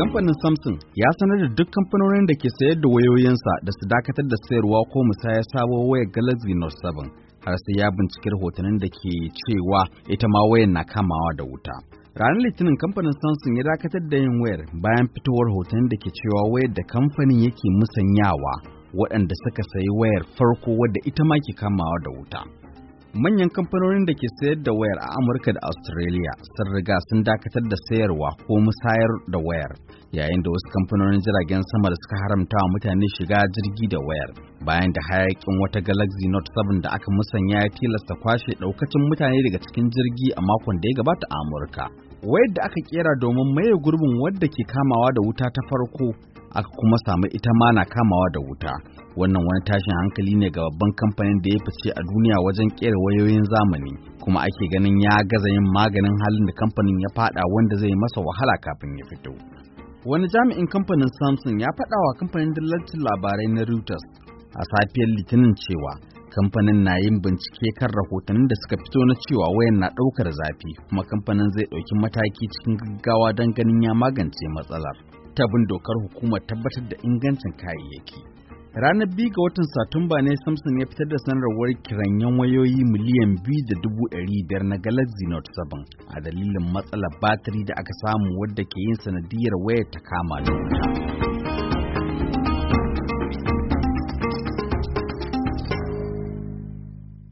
Kamfanin Samsung ya sanar da duk kamfanonin da ke sayar da wayoyinsa da su dakatar da sayarwa ko musayar sabuwar wayar Galaxy Note 7 har sai ya binciki rahotannin da ke cewa ita ma wayar na kamawa da wuta. Ranar Litinin kamfanin Samsung ya dakatar da yin wayar bayan fitowar hotunan da ke cewa wayar da kamfanin yake musanyawa waɗanda suka sayi wayar farko wadda ita ma ke kamawa da wuta. manyan kamfanonin da ke sayar da wayar a Amurka da Australia sun riga sun dakatar da sayarwa ko musayar da wayar yayin da wasu kamfanonin jiragen sama da suka haramta wa mutane shiga jirgi da wayar bayan da hayakin wata Galaxy Note 7 da aka musanya ya tilasta kwashe daukacin mutane daga cikin jirgi a makon da ya gabata a Amurka. wayar da aka kera domin maye gurbin wadda ke kamawa da wuta ta farko aka kuma samu ita ma na kamawa da wuta wannan wani tashin hankali ne ga babban kamfanin da ya fice a duniya wajen kera wayoyin zamani kuma ake ganin ya gaza yin maganin halin da kamfanin ya fada wanda zai masa wahala kafin ya fito wani jami'in kamfanin samsung ya faɗawa wa kamfanin dillacin labarai na reuters a safiyar litinin cewa kamfanin na yin bincike kan rahotannin da suka fito na cewa wayan na ɗaukar zafi kuma kamfanin zai ɗauki mataki cikin gaggawa don ganin ya magance matsalar ta bin dokar hukumar tabbatar da ingancin kayayyaki ranar biyu ga watan satumba ne samsung ya fitar da sanarwar kiranyen wayoyi miliyan biyu da dubu ɗari biyar na galaxy note 7 a dalilin matsalar batiri da aka samu wadda ke yin sanadiyar wayar ta kama da wuta